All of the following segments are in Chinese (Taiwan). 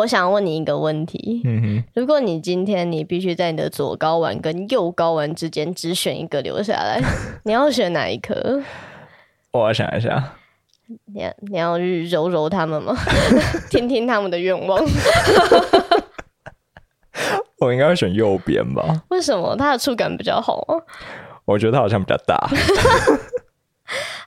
我想問你一個問題，嗯：如果你今天你必須在你的左睾丸跟右睾丸之間只選一個留下來，你要選哪一顆？我想一下。你你要去揉揉他們嗎？ 聽聽他們的願望。 我應該會選右邊吧？為什麼？它的觸感比較好嗎？我覺得它好像比較大。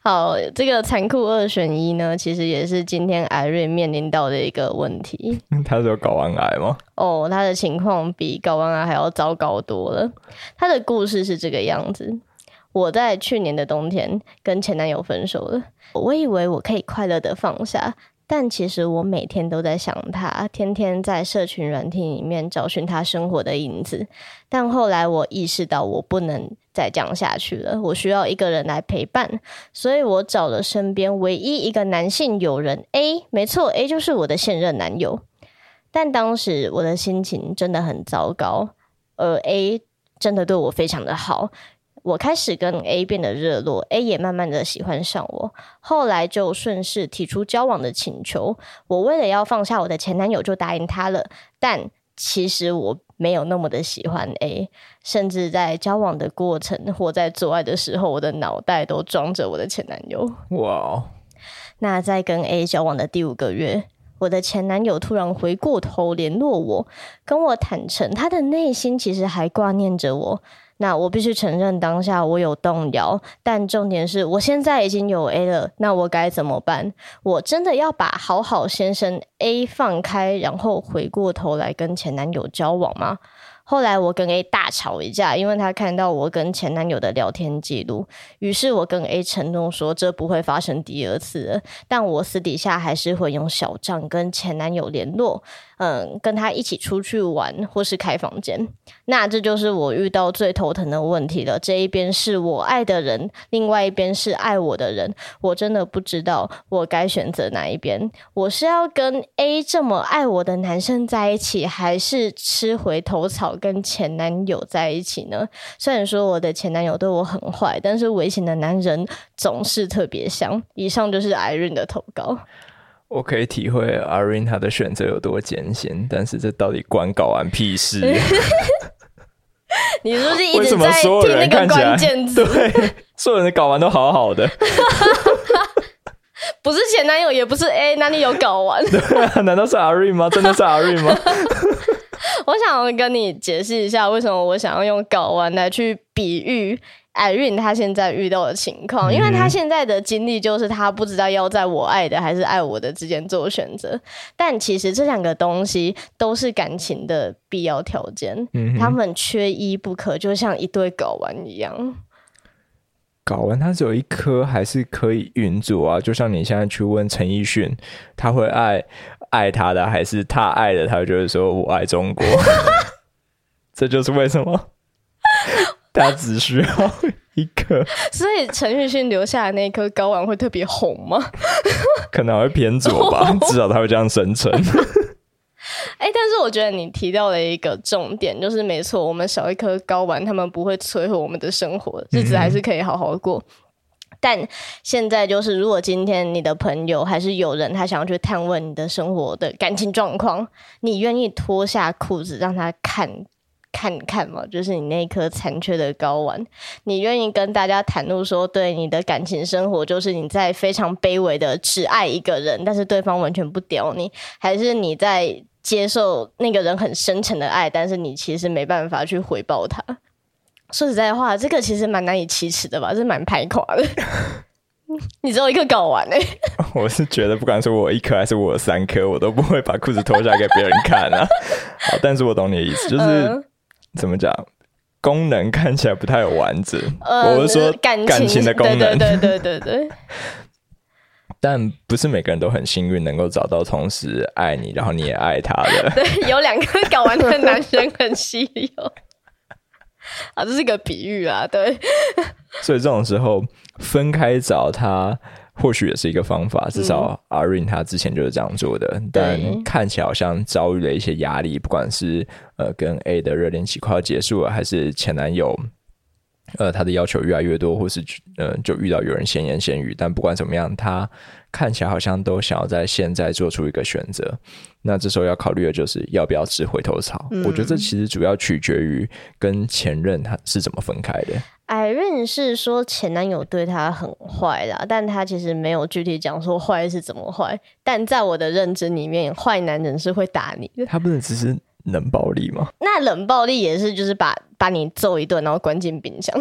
好，這個殘酷二選一呢，其實也是今天 Irene 面臨到的一個問題。他是有睾丸癌嗎？哦，他的情況比睾丸癌還要糟糕多了。他的故事是這個樣子：我在去年的冬天跟前男友分手了，我以為我可以快樂的放下。但其實我每天都在想他，天天在社群軟體裡面找尋他生活的影子。但後來我意識到我不能再這樣下去了，我需要一個人來陪伴。所以我找了身邊唯一一個男性友人 A，沒錯，A 就是我的現任男友。但當時我的心情真的很糟糕，而 A 真的對我非常的好。我開始跟 A 變得熱絡，A 也慢慢的喜歡上我，後來就順勢提出交往的請求。我為了要放下我的前男友，就答應他了。但其實我沒有那麼的喜歡 A，甚至在交往的過程或在做愛的時候，我的腦袋都裝着我的前男友。哇、wow！那在跟 A 交往的第五個月，我的前男友突然回過頭聯絡我，跟我坦誠他的內心其實還掛念着我。那我必須承認，當下我有動搖，但重點是我現在已經有 A 了，那我該怎麼辦？我真的要把好好先生 A 放開，然後回過頭來跟前男友交往嗎？後來我跟 A 大吵一架，因為他看到我跟前男友的聊天記錄，於是我跟 A 承諾說，這不會發生第二次了，但我私底下還是會用小賬跟前男友聯絡。嗯，跟他一起出去玩，或是開房間，那這就是我遇到最頭疼的問題了。這一邊是我愛的人，另外一邊是愛我的人，我真的不知道我該選擇哪一邊。我是要跟 A 這麼愛我的男生在一起，還是吃回頭草跟前男友在一起呢？雖然說我的前男友對我很壞，但是危險的男人總是特別香。以上就是 Irene 的投稿。我可以體會阿瑞他的選擇有多艱險，但是這到底關睾丸屁事？ 你是不是一直在聽那個關鍵字？對，所有人睾丸都好好的， 不是前男友，也不是哎，哪裡有睾丸對啊？難道是阿瑞嗎？真的是阿瑞嗎？ 我想跟你解釋一下，為什麼我想要用“睾丸”來去比喻。Irene，他現在遇到的情況，因為他現在的經歷就是他不知道要在我愛的還是愛我的之間做選擇。但其實這兩個東西都是感情的必要條件、嗯，他們缺一不可，就像一對睾丸一樣。睾丸，它只有一顆，還是可以運作啊？就像你現在去問陳奕迅，他會愛愛他的還是他愛的？他就會說我愛中國。 這就是為什麼。他只需要一顆， 所以陳奕迅留下的那顆睾丸會特別紅嗎？ 可能還會偏左吧，至少他會這樣生存 。哎、欸，但是我覺得你提到了一個重點，就是沒錯，我們少一顆睾丸他們不會摧毀我們的生活，日子還是可以好好過。嗯、但現在就是，如果今天你的朋友還是有人，他想要去探問你的生活的感情狀況，你願意脫下褲子讓他看？看看嘛，就是你那顆殘缺的睾丸，你願意跟大家袒露說，對你的感情生活，就是你在非常卑微的只愛一個人，但是對方完全不屌你，還是你在接受那個人很深沉的愛，但是你其實沒辦法去回報他。說實在話，這個其實蠻難以啟齒的吧，是蠻排垮的。 你只有一個睾丸呢，欸。我是覺得不管是我一顆還是我三顆，我都不會把褲子脫下來給別人看啊。 好，但是我懂你的意思，就是。嗯。怎麼講？功能看起來不太有完整，呃。我是說感情，感情的功能，對對對、對、對、對、對、對，但不是每個人都很幸運，能夠找到同時愛你，然後你也愛他的。 對，有兩個搞完的男生很稀有。 啊，這是一個比喻啊，對。所以這種時候分開找他。或許也是一個方法，至少 Irene 他之前就是這樣做的、嗯。但看起來好像遭遇了一些壓力，不管是呃跟 A 的熱戀期快要結束了，還是前男友，呃他的要求越來越多，或是呃就遇到有人閒言閒語。但不管怎麼樣，他看起來好像都想要在現在做出一個選擇。那這時候要考慮的就是要不要吃回頭草、嗯。我覺得這其實主要取決於跟前任他是怎麼分開的。Irene 是說前男友對他很壞啦，但他其實沒有具體講說壞是怎麼壞。但在我的認知裡面，壞男人是會打你，他不能只是冷暴力嗎？那冷暴力也是，就是把把你揍一頓，然後關進冰箱，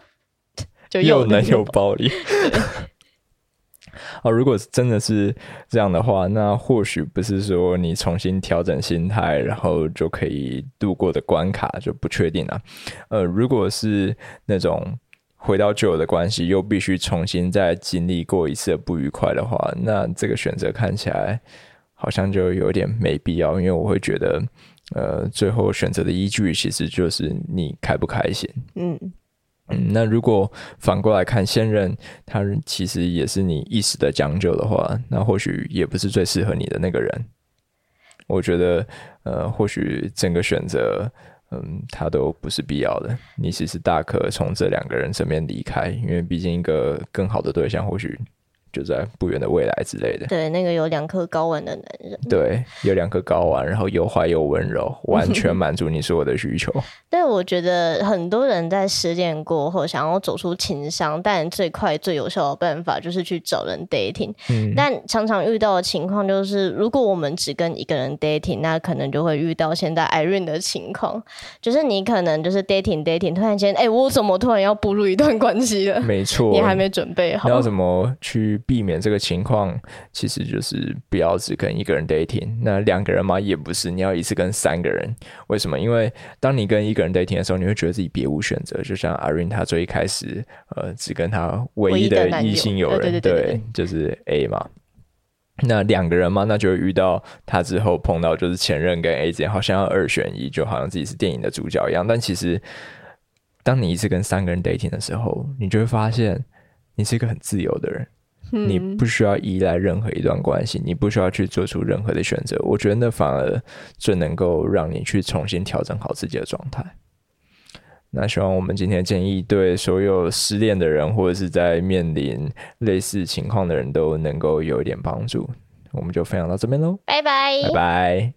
就又，又冷又暴力。 如果真的是這樣的話，那或許不是說你重新調整心態，然後就可以度過的關卡就不確定了。呃，如果是那種回到舊的關係，又必須重新再經歷過一次不愉快的話，那這個選擇看起來好像就有點沒必要，因為我會覺得，呃，最後選擇的依據其實就是你開不開心。嗯。嗯，那如果反過來看現任，他其實也是你一時的將就的話，那或許也不是最適合你的那個人。我覺得，呃，或許整個選擇，嗯，他都不是必要的。你其實大可從這兩個人身邊離開，因為畢竟一個更好的對象，或許，就在不遠的未來之類的。對，那個有兩顆睾丸的男人。對，有兩顆睾丸，然後又壞又溫柔，完全滿足你所有的需求。但 我覺得很多人在失戀過後，想要走出情傷，但最快最有效的辦法就是去找人 dating。嗯。但常常遇到的情況就是，如果我們只跟一個人 dating，那可能就會遇到現在 Irene 的情況，就是你可能就是 dating dating，突然間，哎、欸，我怎麼突然要步入一段關係了？沒錯，你還沒準備好你要怎麼去。避免這個情況，其實就是不要只跟一個人 dating。那兩個人嘛，也不是，你要一次跟三個人。為什麼？因為當你跟一個人 dating 的時候，你會覺得自己別無選擇。就像 Irene，他最一開始呃，只跟他唯一的異性友人，對，就是 A 嘛。 那兩個人嘛，那就遇到他之後碰到就是前任跟 A 之間好像要二選一，就好像自己是電影的主角一樣。但其實，當你一次跟三個人 dating 的時候，你就會發現，你是一個很自由的人。你不需要依賴任何一段關係，你不需要去做出任何的選擇。我覺得那反而最能夠讓你去重新調整好自己的狀態。那希望我們今天建議對所有失戀的人，或者是在面臨類似情況的人都能夠有一點幫助。我們就分享到這邊嘍，拜拜，拜拜。